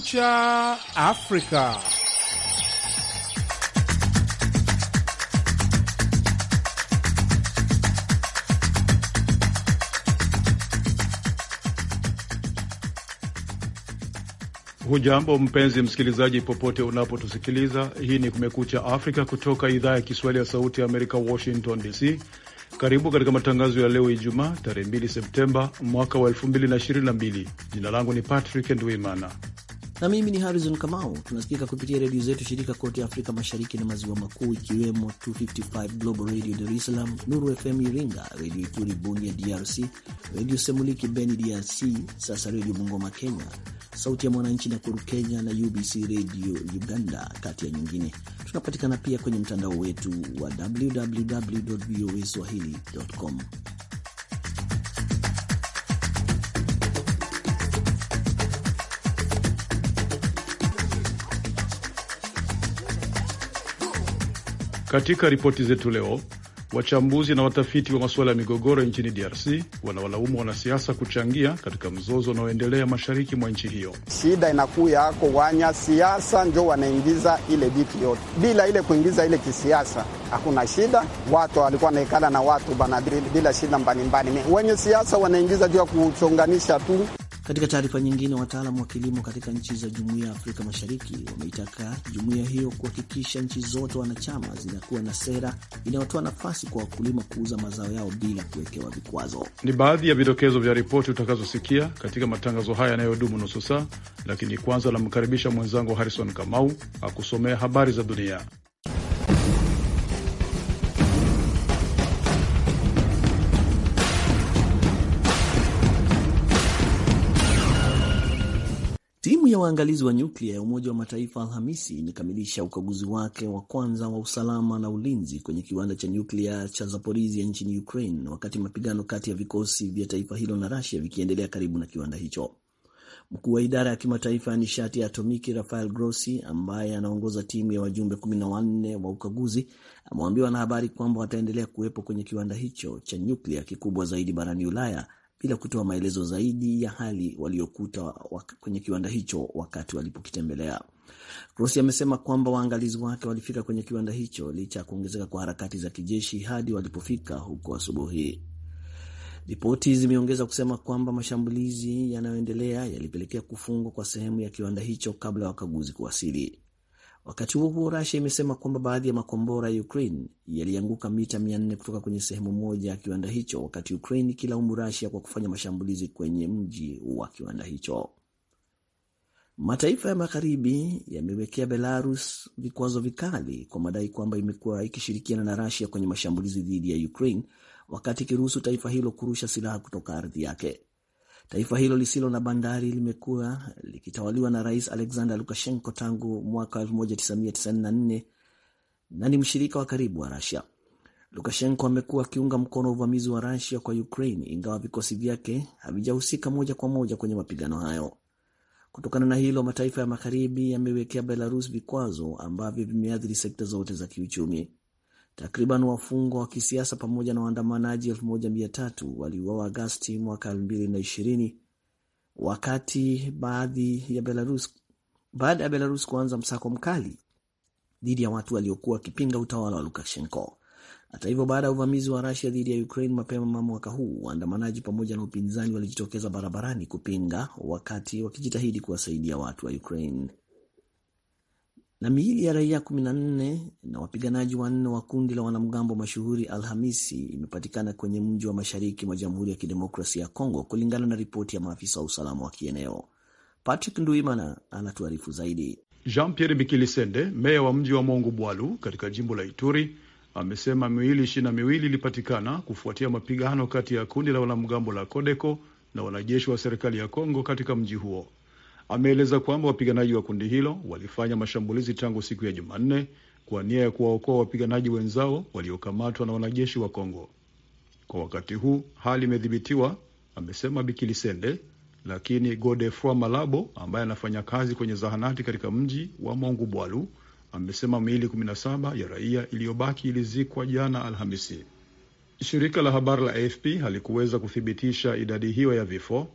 Kumekucha Afrika. Hujambo mpenzi msikilizaji, popote unapotusikiliza. Hii ni Kumekucha Afrika kutoka idhaa ya Kiswahili ya Sauti ya Amerika, Washington DC. Karibu katika matangazo ya leo Ijumaa, tarehe 2 Septemba mwaka wa 2022. Jina langu ni Patrick Ndwimana na mimi ni Harrison Kamau. Tunasikika kupitia redio zetu shirika kote Afrika Mashariki na Maziwa Makuu, ikiwemo 255 Global Radio Dar es Salaam, Nuru FM Iringa, Redio Ituri Boni ya DRC, Redio Semuliki Beni DRC, sasa Redio Bungoma Kenya, Sauti ya Mwananchi na Kuru Kenya na UBC Redio Uganda, kati ya nyingine. Tunapatikana pia kwenye mtandao wetu wa www voa swahili.com. Katika ripoti zetu leo, wachambuzi na watafiti wa masuala ya migogoro nchini DRC wanawalaumu wanasiasa kuchangia katika mzozo unaoendelea mashariki mwa nchi hiyo. Shida inakuya ako wanya siasa njo wanaingiza ile vitu yote, bila ile kuingiza ile kisiasa hakuna shida. Watu walikuwa wanaekala na watu bana bila shida mbalimbali, wenye siasa wanaingiza juu ya kuchonganisha tu. Katika taarifa nyingine, wataalam wa kilimo katika nchi za Jumuiya ya Afrika Mashariki wameitaka jumuiya hiyo kuhakikisha nchi zote wanachama zinakuwa na sera inayotoa nafasi kwa wakulima kuuza mazao yao bila kuwekewa vikwazo. Ni baadhi ya vidokezo vya ripoti utakazosikia katika matangazo haya yanayodumu nusu saa, lakini kwanza namkaribisha mwenzangu Harrison Kamau akusomea habari za dunia. ya waangalizi wa nyuklia ya Umoja wa Mataifa Alhamisi imekamilisha ukaguzi wake wa kwanza wa usalama na ulinzi kwenye kiwanda cha nyuklia cha Zaporizhia nchini Ukraine, wakati mapigano kati ya vikosi vya taifa hilo na Rusia vikiendelea karibu na kiwanda hicho. Mkuu wa idara ya kimataifa ya nishati ya atomiki Rafael Grossi, ambaye anaongoza timu ya wajumbe kumi na wanne wa ukaguzi, amewaambia wanahabari kwamba wataendelea kuwepo kwenye kiwanda hicho cha nyuklia kikubwa zaidi barani Ulaya bila kutoa maelezo zaidi ya hali waliokuta kwenye kiwanda hicho wakati walipokitembelea. Grossi amesema kwamba waangalizi wake walifika kwenye kiwanda hicho licha ya kuongezeka kwa harakati za kijeshi hadi walipofika huko asubuhi. Ripoti zimeongeza kusema kwamba mashambulizi yanayoendelea yalipelekea kufungwa kwa sehemu ya kiwanda hicho kabla ya wakaguzi kuwasili. Wakati huo huo, rusia imesema kwamba baadhi ya makombora ya Ukraine yalianguka mita 400 kutoka kwenye sehemu moja ya kiwanda hicho, wakati Ukraine ikilaumu rasia kwa kufanya mashambulizi kwenye mji wa kiwanda hicho. Mataifa ya Magharibi yamewekea Belarus vikwazo vikali kwa madai kwamba imekuwa ikishirikiana na rasia kwenye mashambulizi dhidi ya Ukraine, wakati ikiruhusu taifa hilo kurusha silaha kutoka ardhi yake. Taifa hilo lisilo na bandari limekuwa likitawaliwa na Rais Alexander Lukashenko tangu mwaka 1994 na ni mshirika wa karibu wa Rusia. Lukashenko amekuwa akiunga mkono uvamizi wa Rusia kwa Ukraine, ingawa vikosi vyake havijahusika moja kwa moja kwenye mapigano hayo. Kutokana na hilo, mataifa ya magharibi yamewekea Belarus vikwazo ambavyo vimeathiri sekta zote za kiuchumi. Takriban wafungwa wa kisiasa pamoja na waandamanaji 1300 waliuawa Agosti mwaka 2020 wakati baadhi ya Belarus, baada ya Belarus kuanza msako mkali dhidi ya watu waliokuwa wakipinga utawala wa Lukashenko. Hata hivyo, baada ya uvamizi wa Rusia dhidi ya Ukraine mapema mwaka huu, waandamanaji pamoja na upinzani walijitokeza barabarani kupinga, wakati wakijitahidi kuwasaidia watu wa Ukraine na miili ya raia 14 na wapiganaji wanne wa kundi la wanamgambo mashuhuri Alhamisi imepatikana kwenye mji wa mashariki mwa Jamhuri ya Kidemokrasia ya Kongo, kulingana na ripoti ya maafisa wa usalama wa kieneo. Patrick Nduimana anatuarifu zaidi. Jean Pierre Mikilisende, meya wa mji wa Mongu Bwalu katika jimbo la Ituri, amesema miili ishirini na miwili ilipatikana kufuatia mapigano kati ya kundi la wanamgambo la Kodeko na wanajeshi wa serikali ya Kongo katika mji huo. Ameeleza kwamba wapiganaji wa kundi hilo walifanya mashambulizi tangu siku ya Jumanne kwa nia ya kuwaokoa wapiganaji wenzao waliokamatwa na wanajeshi wa Kongo. Kwa wakati huu hali imedhibitiwa, amesema Bikilisende, lakini Godefroi Malabo ambaye anafanya kazi kwenye zahanati katika mji wa Mongu Bwalu amesema miili 17 ya raia iliyobaki ilizikwa jana Alhamisi. Shirika la habari la AFP halikuweza kuthibitisha idadi hiyo ya vifo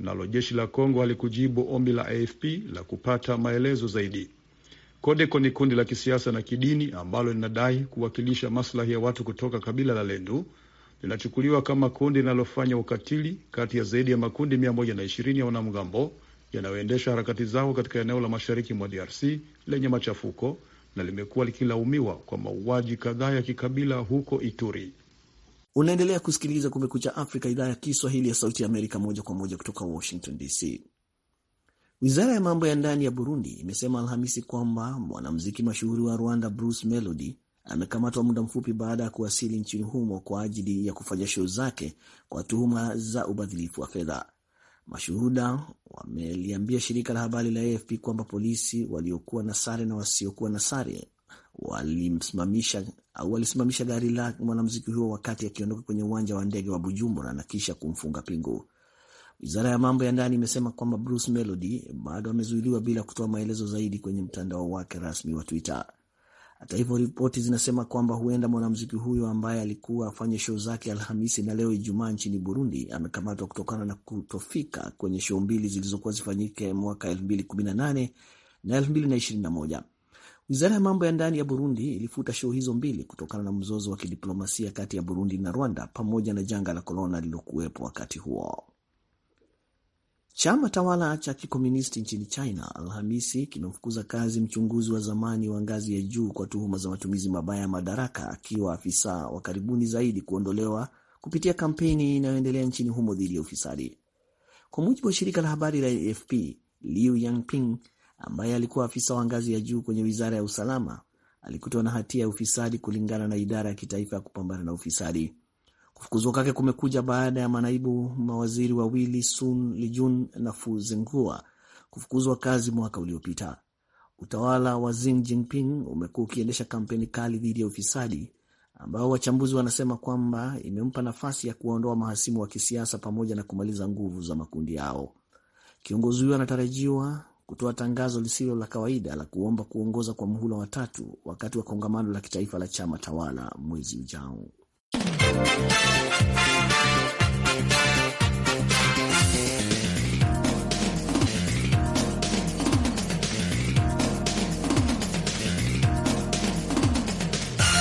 nalo jeshi la Kongo halikujibu ombi la AFP la kupata maelezo zaidi. Kodeko ni kundi la kisiasa na kidini ambalo linadai kuwakilisha maslahi ya watu kutoka kabila la Lendu. Linachukuliwa kama kundi linalofanya ukatili kati ya zaidi ya makundi 120 ya wanamgambo yanayoendesha harakati zao katika eneo la mashariki mwa DRC lenye machafuko na limekuwa likilaumiwa kwa mauaji kadhaa ya kikabila huko Ituri. Unaendelea kusikiliza Kumekucha Afrika, idhaa ya Kiswahili ya Sauti ya Amerika, moja kwa moja kutoka Washington DC. Wizara ya mambo ya ndani ya Burundi imesema Alhamisi kwamba mwanamuziki mashuhuri wa Rwanda Bruce Melody amekamatwa muda mfupi baada ya kuwasili nchini humo kwa ajili ya kufanya show zake kwa tuhuma za ubadhilifu wa fedha. Mashuhuda wameliambia shirika la habari la AFP kwamba polisi waliokuwa na sare na wasiokuwa na sare walimsimamisha au walisimamisha gari la mwanamuziki huo wakati akiondoka kwenye uwanja wa ndege wa Bujumbura na kisha kumfunga pingu. Wizara ya mambo ya ndani imesema kwamba Bruce Melody bado amezuiliwa bila kutoa maelezo zaidi kwenye mtandao wake rasmi wa Twitter. Hata hivyo, ripoti zinasema kwamba huenda mwanamuziki huyo ambaye alikuwa afanye show zake Alhamisi na leo Ijumaa nchini Burundi amekamatwa kutokana na kutofika kwenye show mbili zilizokuwa zifanyike mwaka 2018 na 2021. Wizara ya mambo ya ndani ya Burundi ilifuta show hizo mbili kutokana na mzozo wa kidiplomasia kati ya Burundi na Rwanda pamoja na janga la korona lililokuwepo wakati huo. Chama tawala cha kikomunisti nchini China Alhamisi kimemfukuza kazi mchunguzi wa zamani wa ngazi ya juu kwa tuhuma za matumizi mabaya ya madaraka, akiwa afisa wa karibuni zaidi kuondolewa kupitia kampeni inayoendelea nchini humo dhidi ya ufisadi, kwa mujibu wa shirika la habari la AFP. Liu Yangping ambaye alikuwa afisa wa ngazi ya juu kwenye wizara ya usalama alikutwa na hatia ya ufisadi kulingana na idara ya kitaifa ya kupambana na ufisadi. Kufukuzwa kwake kumekuja baada ya manaibu mawaziri wawili Sun Lijun na Fu Zingua kufukuzwa kazi mwaka uliopita. Utawala wa Xi Jinping umekuwa ukiendesha kampeni kali dhidi ya ufisadi ambao wachambuzi wanasema kwamba imempa nafasi ya kuwaondoa mahasimu wa kisiasa pamoja na kumaliza nguvu za makundi yao. Kiongozi huyo anatarajiwa kutoa tangazo lisilo la kawaida la kuomba kuongoza kwa muhula watatu wakati wa kongamano la kitaifa la chama tawala mwezi ujao.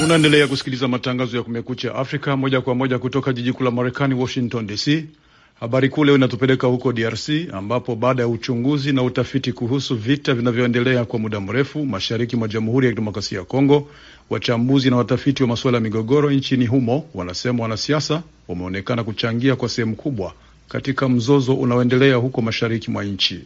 Unaendelea kusikiliza matangazo ya Kumekucha Afrika moja kwa moja kutoka jiji kuu la Marekani, Washington DC. Habari kuu leo inatupeleka huko DRC ambapo baada ya uchunguzi na utafiti kuhusu vita vinavyoendelea kwa muda mrefu mashariki mwa Jamhuri ya Kidemokrasia ya Kongo, wachambuzi na watafiti wa masuala ya migogoro nchini humo wanasema wanasiasa wameonekana kuchangia kwa sehemu kubwa katika mzozo unaoendelea huko mashariki mwa nchi.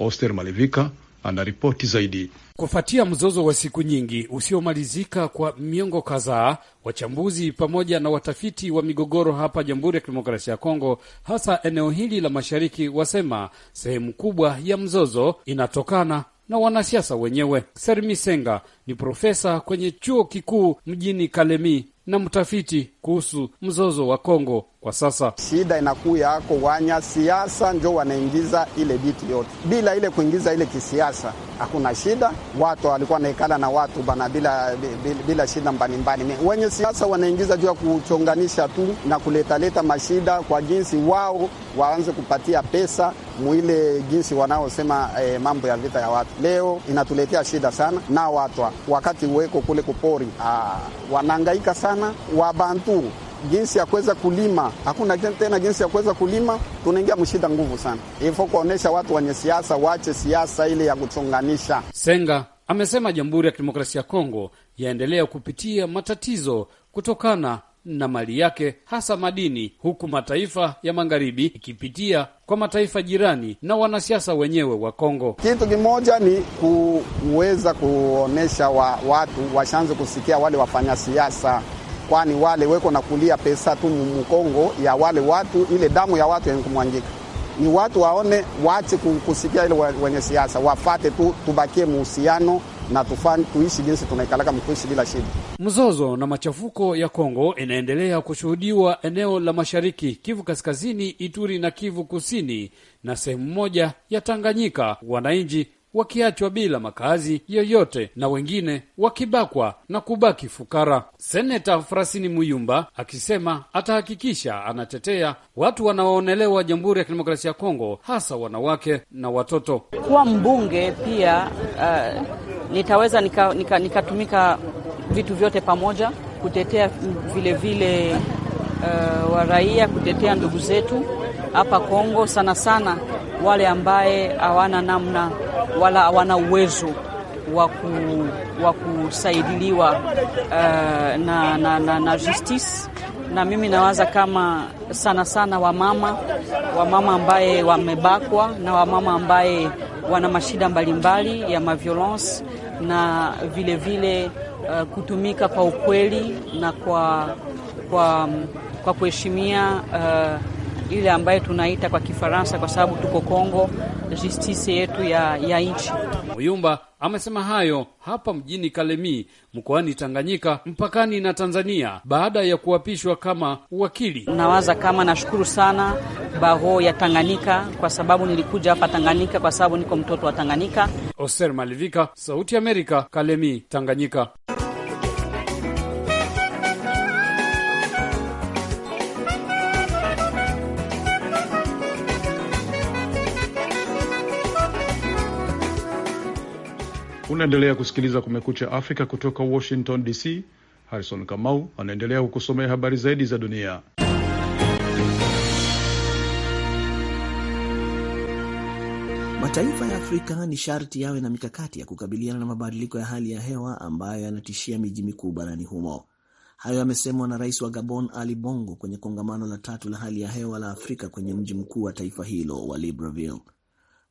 Oster Malivika anaripoti zaidi. Kufuatia mzozo wa siku nyingi usiomalizika kwa miongo kadhaa, wachambuzi pamoja na watafiti wa migogoro hapa Jamhuri ya Kidemokrasia ya Kongo, hasa eneo hili la mashariki, wasema sehemu kubwa ya mzozo inatokana na wanasiasa wenyewe. Sermisenga ni profesa kwenye chuo kikuu mjini Kalemi na mtafiti kuhusu mzozo wa Kongo kwa sasa. Shida inakuwa yako siasa njo wanaingiza ile biti yote, bila ile kuingiza ile kisiasa hakuna shida. Watu walikuwa naikala na watu bana bila, bila, bila shida mbalimbali. Wenye siasa wanaingiza juu ya kuchonganisha tu na kuletaleta mashida kwa jinsi wao waanze kupatia pesa mwile jinsi wanaosema eh, mambo ya vita ya watu leo inatuletea shida sana na watwa wakati weko kule kupori ah, wanaangaika sana wabantu sikukuu, jinsi ya kuweza kulima hakuna tena, jinsi ya kuweza kulima, tunaingia mshida nguvu sana, Hivyo kuwaonyesha watu wenye siasa wache siasa ile ya kuchonganisha. Senga amesema Jamhuri ya Kidemokrasia ya Kongo yaendelea kupitia matatizo kutokana na mali yake hasa madini, huku mataifa ya magharibi ikipitia kwa mataifa jirani na wanasiasa wenyewe wa Kongo. Kitu kimoja ni kuweza kuonyesha wa watu washanze kusikia wale wafanya siasa kwani wale weko na kulia pesa tu mkongo ya wale watu, ile damu ya watu yenye kumwangika. Ni watu waone, waache kusikia ile wenye siasa, wafate tu, tubakie muhusiano na tufani tuishi jinsi tunaikalaka mkuishi bila shida. Mzozo na machafuko ya Kongo inaendelea kushuhudiwa eneo la mashariki, Kivu Kaskazini, Ituri na Kivu Kusini na sehemu moja ya Tanganyika. Wananchi wakiachwa bila makazi yoyote na wengine wakibakwa na kubaki fukara. Seneta Frasini Muyumba akisema atahakikisha anatetea watu wanaoonelewa Jamhuri ya Kidemokrasia ya Kongo, hasa wanawake na watoto. Kuwa mbunge pia uh, nitaweza nikatumika nika, nika vitu vyote pamoja kutetea vilevile vile, uh, waraia kutetea ndugu zetu hapa Kongo sana sana wale ambaye hawana namna wala hawana uwezo wa kusaidiliwa uh, na, na, na, na justice na mimi nawaza kama sana sana wamama wamama ambaye wamebakwa na wamama ambaye wana mashida mbalimbali ya maviolence na vilevile vile, uh, kutumika kwa ukweli na kwa, kwa, kwa kuheshimia uh, ile ambayo tunaita kwa Kifaransa, kwa sababu tuko Kongo, justice yetu ya, ya nchi. Muyumba amesema hayo hapa mjini Kalemi mkoani Tanganyika mpakani na Tanzania baada ya kuapishwa kama wakili. Nawaza kama nashukuru sana baho ya Tanganyika kwa sababu nilikuja hapa Tanganyika kwa sababu niko mtoto wa Tanganyika. Oser Malivika, Sauti ya Amerika, Kalemi, Tanganyika. Unaendelea kusikiliza Kumekucha Afrika kutoka Washington DC. Harrison Kamau anaendelea kukusomea habari zaidi za dunia. Mataifa ya Afrika ni sharti yawe na mikakati ya kukabiliana na mabadiliko ya hali ya hewa ambayo yanatishia miji mikuu barani humo. Hayo yamesemwa na rais wa Gabon Ali Bongo kwenye kongamano la tatu la hali ya hewa la Afrika kwenye mji mkuu wa taifa hilo wa Libreville.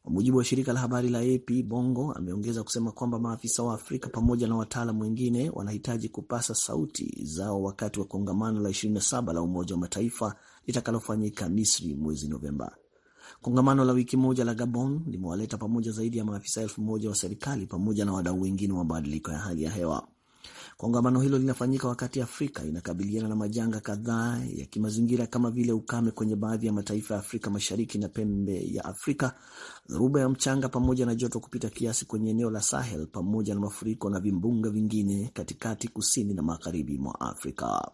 Kwa mujibu wa shirika la habari la AP, Bongo ameongeza kusema kwamba maafisa wa Afrika pamoja na wataalam wengine wanahitaji kupasa sauti zao wakati wa kongamano la 27 la Umoja wa Mataifa litakalofanyika Misri mwezi Novemba. Kongamano la wiki moja la Gabon limewaleta pamoja zaidi ya maafisa elfu moja wa serikali pamoja na wadau wengine wa mabadiliko ya hali ya hewa. Kongamano hilo linafanyika wakati Afrika inakabiliana na majanga kadhaa ya kimazingira kama vile ukame kwenye baadhi ya mataifa ya Afrika Mashariki na pembe ya Afrika, dhoruba ya mchanga pamoja na joto kupita kiasi kwenye eneo la Sahel, pamoja na mafuriko na vimbunga vingine katikati, kusini na magharibi mwa Afrika.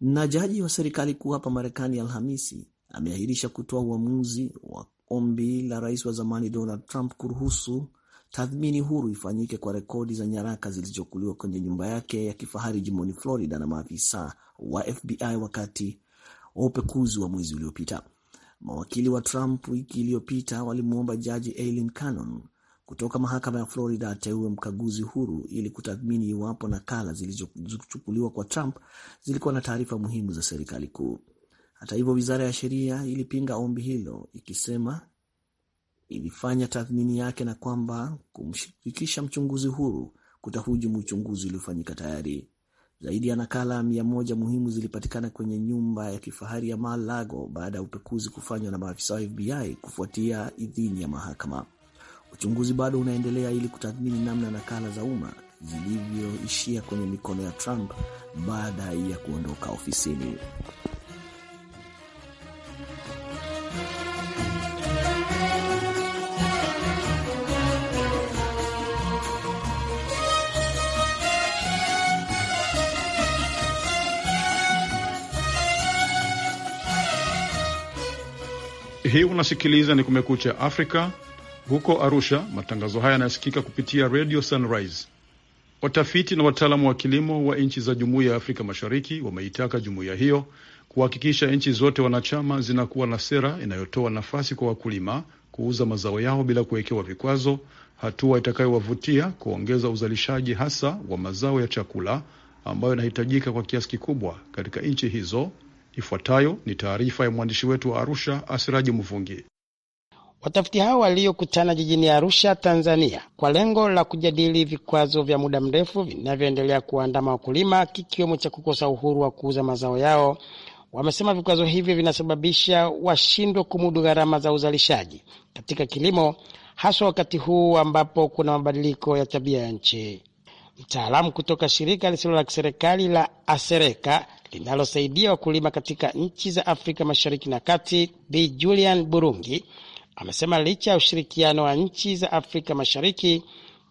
Na jaji wa serikali kuu hapa Marekani Alhamisi ameahirisha kutoa uamuzi wa ombi la rais wa zamani Donald Trump kuruhusu Tathmini huru ifanyike kwa rekodi za nyaraka zilizochukuliwa kwenye nyumba yake ya kifahari jimboni Florida na maafisa wa FBI wakati wa upekuzi wa mwezi uliopita. Mawakili wa Trump wiki iliyopita walimwomba jaji Eileen Cannon kutoka mahakama ya Florida ateue mkaguzi huru ili kutathmini iwapo nakala zilizochukuliwa kwa Trump zilikuwa na taarifa muhimu za serikali kuu. Hata hivyo, wizara ya sheria ilipinga ombi hilo ikisema ilifanya tathmini yake na kwamba kumshirikisha mchunguzi huru kutahujumu uchunguzi uliofanyika tayari. Zaidi ya nakala mia moja muhimu zilipatikana kwenye nyumba ya kifahari ya Mar-a-Lago baada ya upekuzi kufanywa na maafisa wa FBI kufuatia idhini ya mahakama. Uchunguzi bado unaendelea ili kutathmini namna nakala za umma zilivyoishia kwenye mikono ya Trump baada ya kuondoka ofisini. hii unasikiliza ni Kumekucha Afrika. Huko Arusha, matangazo haya yanasikika kupitia Radio Sunrise. Watafiti na wataalamu wa kilimo wa nchi za Jumuiya ya Afrika Mashariki wameitaka jumuiya hiyo kuhakikisha nchi zote wanachama zinakuwa na sera inayotoa nafasi kwa wakulima kuuza mazao yao bila kuwekewa vikwazo, hatua itakayowavutia kuongeza uzalishaji hasa wa mazao ya chakula ambayo inahitajika kwa kiasi kikubwa katika nchi hizo Ifuatayo ni taarifa ya mwandishi wetu wa Arusha, Asiraji Mvungi. Watafiti hao waliokutana jijini Arusha, Tanzania, kwa lengo la kujadili vikwazo vya muda mrefu vinavyoendelea kuandama wakulima, kikiwemo cha kukosa uhuru wa kuuza mazao yao, wamesema vikwazo hivyo vinasababisha washindwe kumudu gharama za uzalishaji katika kilimo, haswa wakati huu ambapo kuna mabadiliko ya tabia ya nchi. Mtaalamu kutoka shirika lisilo la kiserikali la Asereka linalosaidia wakulima katika nchi za Afrika Mashariki na Kati, Bi Julian Burungi amesema licha ya ushirikiano wa nchi za Afrika Mashariki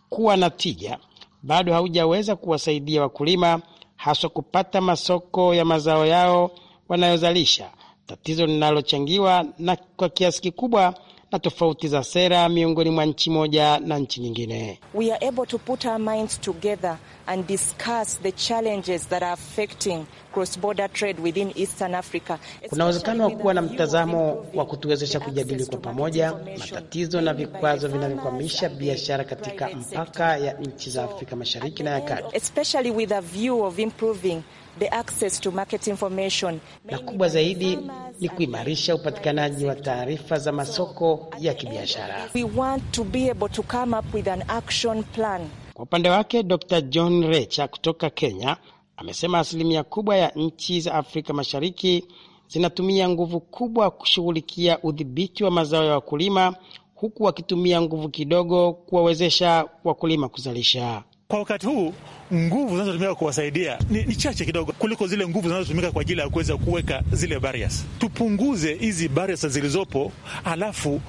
kuwa na tija, bado haujaweza kuwasaidia wakulima haswa kupata masoko ya mazao yao wanayozalisha, tatizo linalochangiwa na kwa kiasi kikubwa na tofauti za sera miongoni mwa nchi moja na nchi nyingine. We are able to put our minds together and discuss the challenges that are affecting cross-border trade within Eastern Africa. Kuna uwezekano wa kuwa na mtazamo wa kutuwezesha kujadili kwa pamoja matatizo na vikwazo vinavyokwamisha biashara katika mpaka ya nchi za Afrika Mashariki na ya Kati. Especially with a view of improving the access to market information. Na kubwa zaidi ni kuimarisha upatikanaji wa taarifa za masoko ya kibiashara. We want to be able to come up with an action plan. Kwa upande wake Dr. John Recha kutoka Kenya amesema asilimia kubwa ya nchi za Afrika Mashariki zinatumia nguvu kubwa kushughulikia udhibiti wa mazao ya wakulima huku wakitumia nguvu kidogo kuwawezesha wakulima kuzalisha. Kwa wakati huu nguvu zinazotumika kuwasaidia ni, ni chache kidogo kuliko zile nguvu zinazotumika kwa ajili ya kuweza kuweka zile barriers. Tupunguze hizi barriers zilizopo, alafu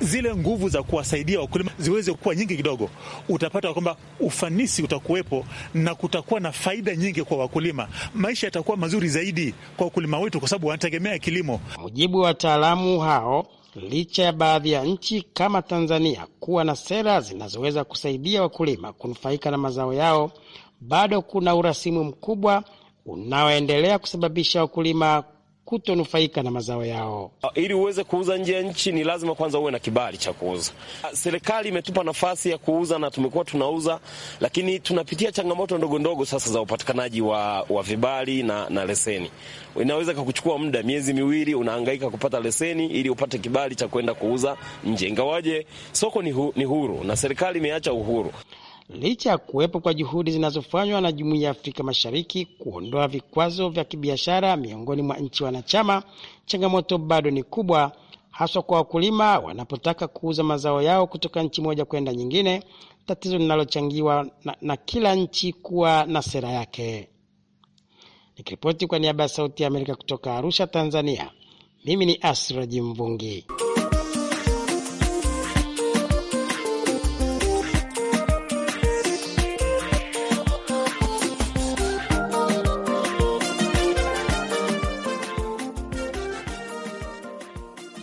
zile nguvu za kuwasaidia wakulima ziweze kuwa nyingi kidogo, utapata kwamba ufanisi utakuwepo na kutakuwa na faida nyingi kwa wakulima. Maisha yatakuwa mazuri zaidi kwa wakulima wetu, kwa sababu wanategemea kilimo. Mujibu wa wataalamu hao licha ya baadhi ya nchi kama Tanzania kuwa na sera zinazoweza kusaidia wakulima kunufaika na mazao yao, bado kuna urasimu mkubwa unaoendelea kusababisha wakulima kutonufaika na mazao yao. Ah, ili uweze kuuza nje ya nchi, ni lazima kwanza uwe na kibali cha kuuza. Ah, serikali imetupa nafasi ya kuuza na tumekuwa tunauza, lakini tunapitia changamoto ndogo ndogo sasa za upatikanaji wa, wa vibali na, na leseni. Inaweza kakuchukua muda miezi miwili, unahangaika kupata leseni ili upate kibali cha kwenda kuuza nje, ingawaje soko ni, hu, ni huru na serikali imeacha uhuru licha ya kuwepo kwa juhudi zinazofanywa na Jumuiya ya Afrika Mashariki kuondoa vikwazo vya kibiashara miongoni mwa nchi wanachama, changamoto bado ni kubwa, haswa kwa wakulima wanapotaka kuuza mazao yao kutoka nchi moja kwenda nyingine, tatizo linalochangiwa na, na kila nchi kuwa na sera yake. Nikiripoti kwa niaba ya Sauti ya Amerika kutoka Arusha, Tanzania, mimi ni Asraji Mvungi.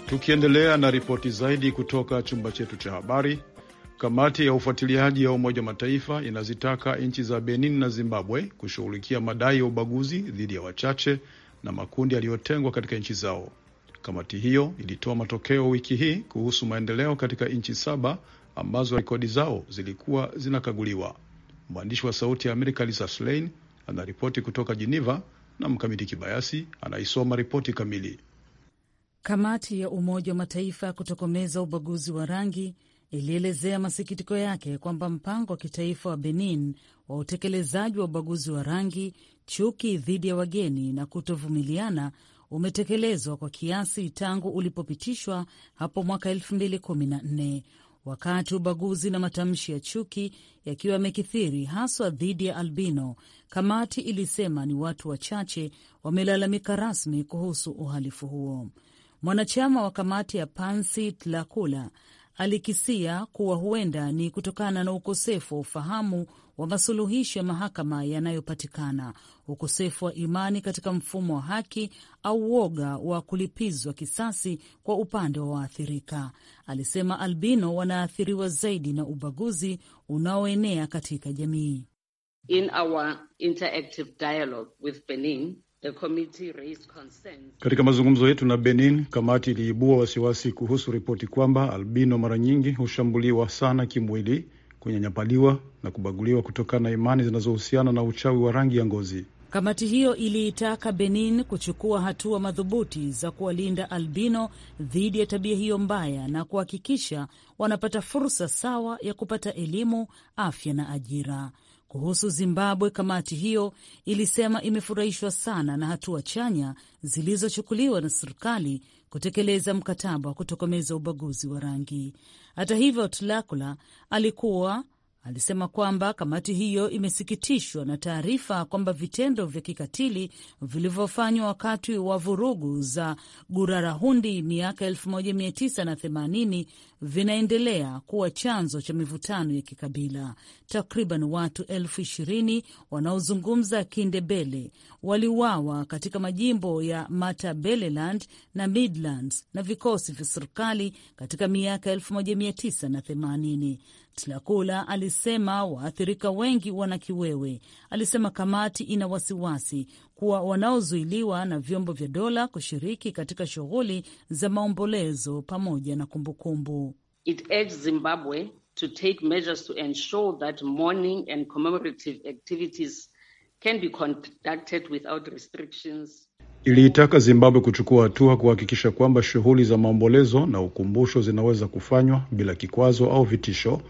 Tukiendelea na ripoti zaidi kutoka chumba chetu cha habari, kamati ya ufuatiliaji ya Umoja Mataifa inazitaka nchi za Benin na Zimbabwe kushughulikia madai ya ubaguzi dhidi ya wachache na makundi yaliyotengwa katika nchi zao. Kamati hiyo ilitoa matokeo wiki hii kuhusu maendeleo katika nchi saba ambazo rekodi zao zilikuwa zinakaguliwa. Mwandishi wa Sauti ya Amerika Lisa Schlein anaripoti kutoka Geneva na Mkamiti Kibayasi anaisoma ripoti kamili. Kamati ya Umoja wa Mataifa ya kutokomeza ubaguzi wa rangi ilielezea masikitiko yake kwamba mpango wa kitaifa wa Benin wa utekelezaji wa ubaguzi wa rangi, chuki dhidi ya wageni na kutovumiliana umetekelezwa kwa kiasi tangu ulipopitishwa hapo mwaka 2014 wakati ubaguzi na matamshi ya chuki yakiwa yamekithiri haswa dhidi ya albino. Kamati ilisema ni watu wachache wamelalamika rasmi kuhusu uhalifu huo. Mwanachama wa kamati ya Pansi Tlakula alikisia kuwa huenda ni kutokana na ukosefu wa ufahamu wa masuluhisho ya mahakama yanayopatikana, ukosefu wa imani katika mfumo wa haki, au uoga wa kulipizwa kisasi kwa upande wa waathirika. Alisema albino wanaathiriwa zaidi na ubaguzi unaoenea katika jamii. In our interactive dialogue with Benin, katika mazungumzo yetu na Benin, kamati iliibua wasiwasi kuhusu ripoti kwamba albino mara nyingi hushambuliwa sana kimwili, kunyanyapaliwa na kubaguliwa kutokana na imani zinazohusiana na uchawi wa rangi ya ngozi. Kamati hiyo iliitaka Benin kuchukua hatua madhubuti za kuwalinda albino dhidi ya tabia hiyo mbaya na kuhakikisha wanapata fursa sawa ya kupata elimu, afya na ajira. Kuhusu Zimbabwe, kamati hiyo ilisema imefurahishwa sana na hatua chanya zilizochukuliwa na serikali kutekeleza mkataba wa kutokomeza ubaguzi wa rangi. Hata hivyo, Tlakula alikuwa alisema kwamba kamati hiyo imesikitishwa na taarifa kwamba vitendo vya kikatili vilivyofanywa wakati wa vurugu za Gurarahundi miaka 1980 vinaendelea kuwa chanzo cha mivutano ya kikabila. Takriban watu elfu ishirini wanaozungumza Kindebele waliuawa katika majimbo ya Matabeleland na Midlands na vikosi vya serikali katika miaka 1980. Tlakula alisema waathirika wengi wana kiwewe. Alisema kamati ina wasiwasi kuwa wanaozuiliwa na vyombo vya dola kushiriki katika shughuli za maombolezo pamoja na kumbukumbu to take measures to ensure that mourning and commemorative activities can be conducted without restrictions. Iliitaka Zimbabwe kuchukua hatua kuhakikisha kwamba shughuli za maombolezo na ukumbusho zinaweza kufanywa bila kikwazo au vitisho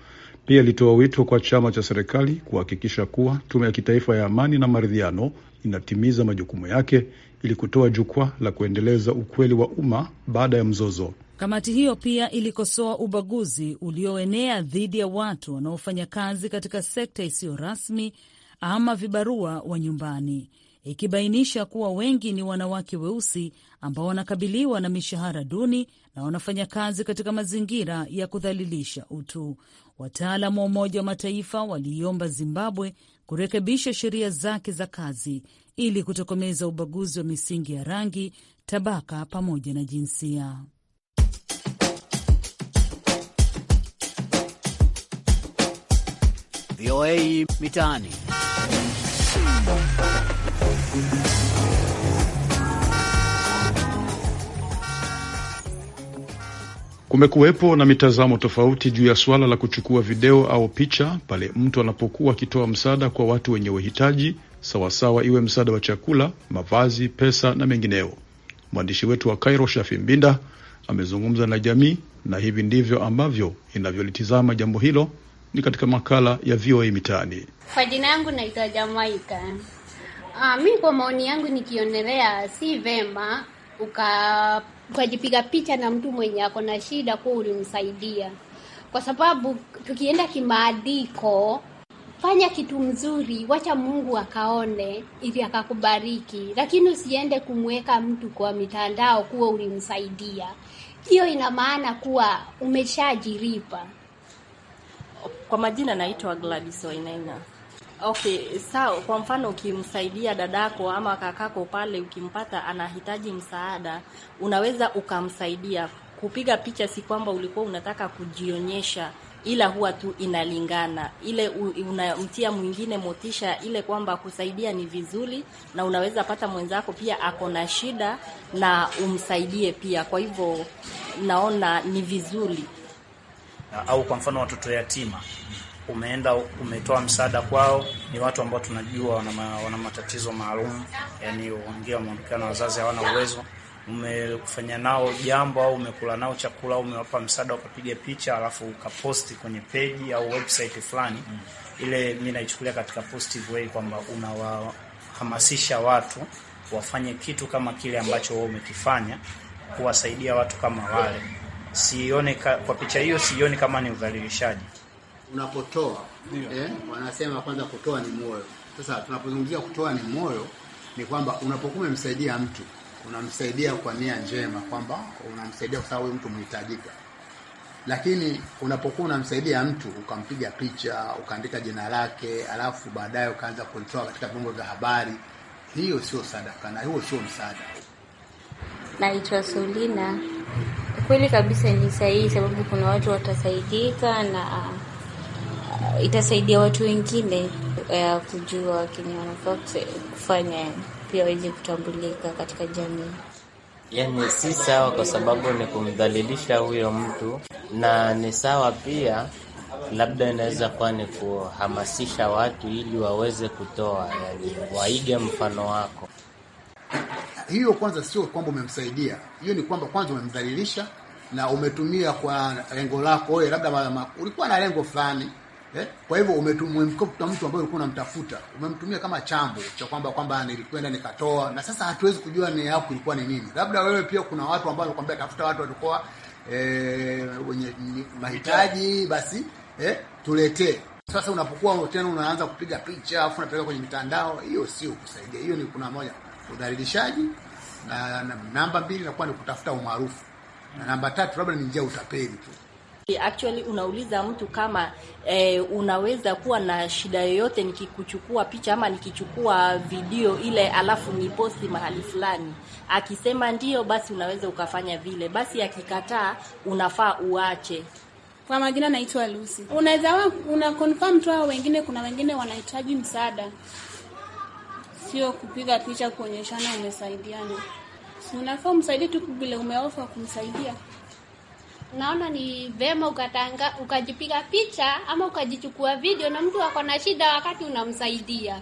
pia ilitoa wito kwa chama cha serikali kuhakikisha kuwa tume ya kitaifa ya amani na maridhiano inatimiza majukumu yake ili kutoa jukwaa la kuendeleza ukweli wa umma baada ya mzozo. Kamati hiyo pia ilikosoa ubaguzi ulioenea dhidi ya watu wanaofanya kazi katika sekta isiyo rasmi ama vibarua wa nyumbani, ikibainisha kuwa wengi ni wanawake weusi ambao wanakabiliwa na mishahara duni na wanafanya kazi katika mazingira ya kudhalilisha utu. Wataalam wa Umoja wa Mataifa waliiomba Zimbabwe kurekebisha sheria zake za kazi ili kutokomeza ubaguzi wa misingi ya rangi, tabaka pamoja na jinsia. VOA Mitaani. Kumekuwepo na mitazamo tofauti juu ya suala la kuchukua video au picha pale mtu anapokuwa akitoa msaada kwa watu wenye uhitaji, sawasawa iwe msaada wa chakula, mavazi, pesa na mengineo. Mwandishi wetu wa Cairo, Shafi Mbinda, amezungumza na jamii na hivi ndivyo ambavyo inavyolitizama jambo hilo. Ni katika makala ya VOA Mitaani. Kwa jina yangu naitwa Jamaika. Ah, mi kwa maoni yangu nikionelea si vema uka ukajipiga picha na mtu mwenye ako na shida, kuwa ulimsaidia, kwa sababu tukienda kimaandiko, fanya kitu mzuri, wacha Mungu akaone ili akakubariki, lakini usiende kumweka mtu kwa mitandao kuwa ulimsaidia. Hiyo ina maana kuwa umeshajiripa. Kwa majina naitwa Gladys Wainaina. Okay, sawa. Kwa mfano ukimsaidia dadako ama kakako pale, ukimpata anahitaji msaada, unaweza ukamsaidia. Kupiga picha si kwamba ulikuwa unataka kujionyesha, ila huwa tu inalingana ile unamtia mwingine motisha ile kwamba kusaidia ni vizuri, na unaweza pata mwenzako pia ako na shida na umsaidie pia. Kwa hivyo naona ni vizuri, au kwa mfano watoto yatima umeenda umetoa msaada kwao. Ni watu ambao tunajua wana, wana matatizo maalum, yani wengine wameonekana wazazi hawana uwezo. Umekufanya nao jambo au umekula nao chakula au umewapa msaada, ukapiga picha alafu ukaposti kwenye peji au website fulani, ile mimi naichukulia katika positive way kwamba unawahamasisha watu wafanye kitu kama kile ambacho wewe umekifanya, kuwasaidia watu kama wale. Sione kwa picha hiyo, sioni kama ni udhalilishaji unapotoa eh, wanasema kwanza kutoa ni moyo. Sasa tunapozungumzia kutoa ni moyo, ni kwamba unapokuwa umemsaidia mtu unamsaidia kwa nia njema, kwamba unamsaidia kwa sababu mtu mhitajika. Lakini unapokuwa unamsaidia mtu ukampiga picha ukaandika jina lake, alafu baadaye ukaanza kulitoa katika vyombo vya habari, hiyo sio sadaka na huo sio msaada. Naitwa Solina. Kweli kabisa, ni sahihi, sababu kuna watu watasaidika na itasaidia watu wengine uh, kujua kenye wanafaa kufanya pia waweze kutambulika katika jamii. Yani si sawa, kwa sababu ni kumdhalilisha huyo mtu, na ni sawa pia, labda inaweza kuwa ni kuhamasisha watu ili waweze kutoa, yani waige mfano wako. Hiyo kwanza sio kwamba umemsaidia, hiyo ni kwamba kwanza umemdhalilisha na umetumia kwa lengo lako wewe, labda ulikuwa na lengo fulani Eh? Kwa hivyo umemkuta mtu ambaye ulikuwa unamtafuta, umemtumia kama chambo cha kwamba kwamba nilikwenda nikatoa, na sasa hatuwezi kujua ni yako ilikuwa ni nini. Labda wewe pia kuna watu ambao walikwambia tafuta watu walikuwa eh, wenye mahitaji, basi eh, tuletee. Sasa unapokuwa tena unaanza kupiga picha afu unapeleka kwenye mitandao, hiyo sio kusaidia. Hiyo ni kuna moja udhalilishaji, na, na namba mbili inakuwa ni kutafuta umaarufu, na namba tatu labda ni njia utapeli tu. Actually unauliza mtu kama eh, unaweza kuwa na shida yoyote nikikuchukua picha ama nikichukua video ile alafu niposti mahali fulani. Akisema ndiyo, basi unaweza ukafanya vile. Basi akikataa, unafaa uache. Kwa majina naitwa Lucy. Unaweza una confirm tu hao wengine, kuna wengine wanahitaji msaada, sio kupiga picha kuonyeshana umesaidiana. Si unafaa umsaidie tu vile umeofa kumsaidia naona ni vema ukatanga, ukajipiga picha ama ukajichukua video na mtu ako na shida wakati unamsaidia,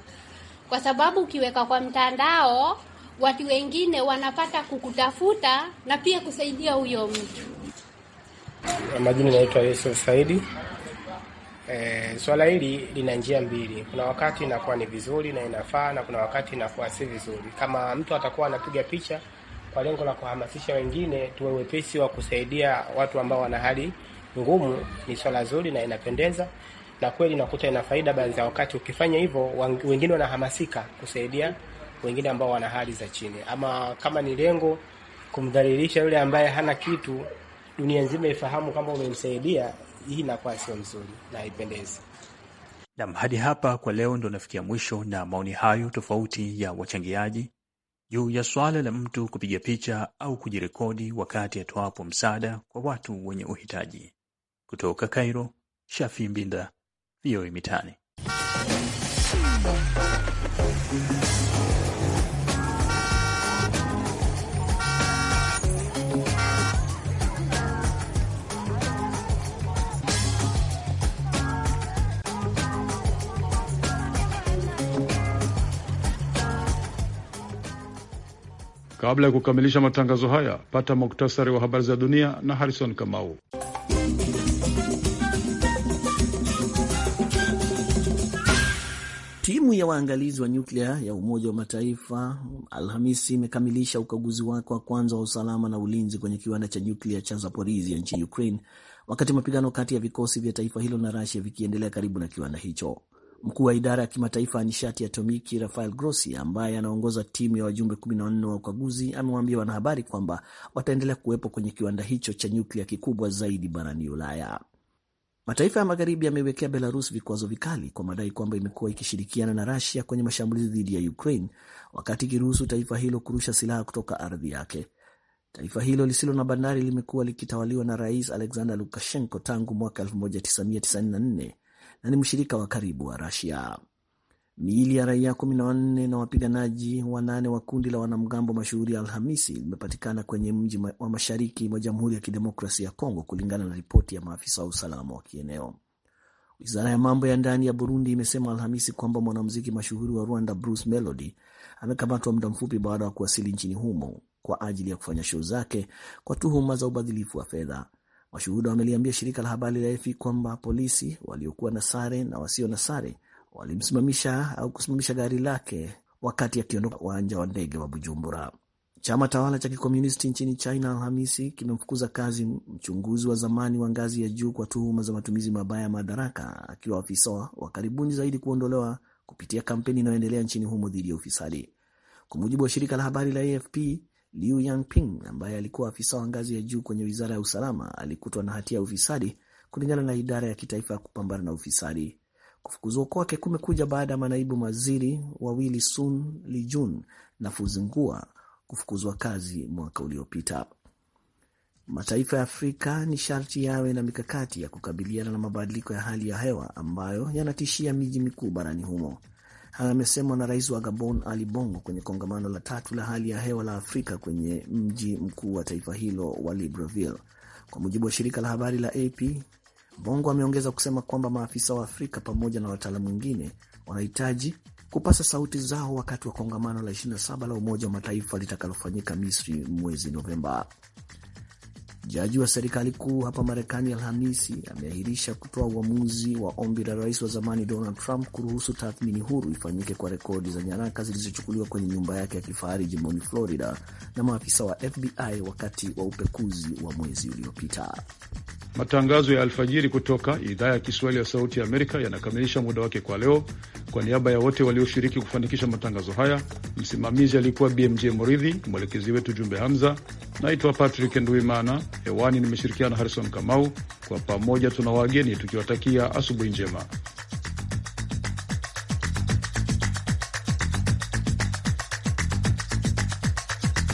kwa sababu ukiweka kwa mtandao watu wengine wanapata kukutafuta na pia kusaidia huyo mtu. Majini naitwa Yusuf Saidi. E, swala hili lina njia mbili. Kuna wakati inakuwa ni vizuri na inafaa, na kuna wakati inakuwa si vizuri. Kama mtu atakuwa anapiga picha kwa lengo la kuhamasisha wengine tuwe wepesi wa kusaidia watu ambao wana hali ngumu, ni swala zuri na inapendeza na kweli nakuta ina faida. Baadhi ya wakati ukifanya hivyo, wengine wanahamasika kusaidia wengine ambao wana hali za chini, ama kama ni lengo kumdhalilisha yule ambaye hana kitu, dunia nzima ifahamu kwamba umemsaidia, hii inakuwa sio mzuri na haipendezi. Nam, hadi hapa kwa leo ndo nafikia mwisho na maoni hayo tofauti ya wachangiaji juu ya swala la mtu kupiga picha au kujirekodi wakati atoapo msaada kwa watu wenye uhitaji. Kutoka Cairo, Shafi Mbinda, VOA Mitani. Kabla ya kukamilisha matangazo haya, pata muktasari wa habari za dunia na Harrison Kamau. Timu ya waangalizi wa nyuklia ya Umoja wa Mataifa Alhamisi imekamilisha ukaguzi wake wa kwanza wa usalama na ulinzi kwenye kiwanda cha nyuklia cha Zaporizhia nchini Ukraine, wakati mapigano kati ya vikosi vya taifa hilo na rasia vikiendelea karibu na kiwanda hicho. Mkuu wa idara ya kimataifa ya nishati ya atomiki Rafael Grossi, ambaye anaongoza timu ya wajumbe 14 wa ukaguzi, amewaambia wanahabari kwamba wataendelea kuwepo kwenye kiwanda hicho cha nyuklia kikubwa zaidi barani Ulaya. Mataifa ya magharibi yamewekea Belarus vikwazo vikali kwa madai kwamba imekuwa ikishirikiana na rasia kwenye mashambulizi dhidi ya Ukraine, wakati ikiruhusu taifa hilo kurusha silaha kutoka ardhi yake. Taifa hilo lisilo na bandari limekuwa likitawaliwa na Rais Alexander Lukashenko tangu mwaka 1994 na ni mshirika wa karibu wa rasia Miili ya raia kumi na wanne na wapiganaji wanane wa kundi la wanamgambo mashuhuri ya Alhamisi limepatikana kwenye mji wa mashariki mwa Jamhuri ya Kidemokrasia ya Kongo, kulingana na ripoti ya maafisa wa usalama wa kieneo. Wizara ya mambo ya ndani ya Burundi imesema Alhamisi kwamba mwanamuziki mashuhuri wa Rwanda Bruce Melody amekamatwa muda mfupi baada ya kuwasili nchini humo kwa ajili ya kufanya show zake kwa tuhuma za ubadhilifu wa fedha. Washuhuda wameliambia shirika la habari la AFP kwamba polisi waliokuwa na sare na wasio na sare walimsimamisha au kusimamisha gari lake wakati akiondoka uwanja wa ndege wa Bujumbura. Chama tawala cha kikomunisti nchini China Alhamisi kimemfukuza kazi mchunguzi wa zamani wa ngazi ya juu kwa tuhuma za matumizi mabaya ya madaraka, akiwa afisa wa karibuni zaidi kuondolewa kupitia kampeni inayoendelea nchini humo dhidi ya ufisadi, kwa mujibu wa shirika la habari la AFP. Liu Yangping ambaye alikuwa afisa wa ngazi ya juu kwenye wizara ya usalama alikutwa na hatia ya ufisadi kulingana na idara ya kitaifa ya kupambana na ufisadi. Kufukuzwa kwake kumekuja baada ya manaibu waziri wawili Sun Lijun na Fuzingua kufukuzwa kazi mwaka uliopita. Mataifa ya Afrika ni sharti yawe na mikakati ya kukabiliana na mabadiliko ya hali ya hewa ambayo yanatishia miji mikuu barani humo. Haya amesemwa na rais wa Gabon Ali Bongo kwenye kongamano la tatu la hali ya hewa la Afrika kwenye mji mkuu wa taifa hilo wa Libreville. Kwa mujibu wa shirika la habari la AP, Bongo ameongeza kusema kwamba maafisa wa Afrika pamoja na wataalamu wengine wanahitaji kupasa sauti zao wakati wa kongamano la 27 la Umoja wa Mataifa litakalofanyika Misri mwezi Novemba. Jaji wa serikali kuu hapa Marekani Alhamisi ameahirisha kutoa uamuzi wa ombi la rais wa zamani Donald Trump kuruhusu tathmini huru ifanyike kwa rekodi za nyaraka zilizochukuliwa kwenye nyumba yake ya kifahari jimboni Florida na maafisa wa FBI wakati wa upekuzi wa mwezi uliopita. Matangazo ya alfajiri kutoka idhaa ya Kiswahili ya Sauti ya Amerika yanakamilisha muda wake kwa leo. Kwa niaba ya wote walioshiriki kufanikisha matangazo haya, msimamizi alikuwa BMJ Moridhi, mwelekezi wetu Jumbe Hamza. Naitwa Patrick Nduimana. Hewani nimeshirikiana Harrison Kamau, kwa pamoja tuna wageni tukiwatakia asubuhi njema.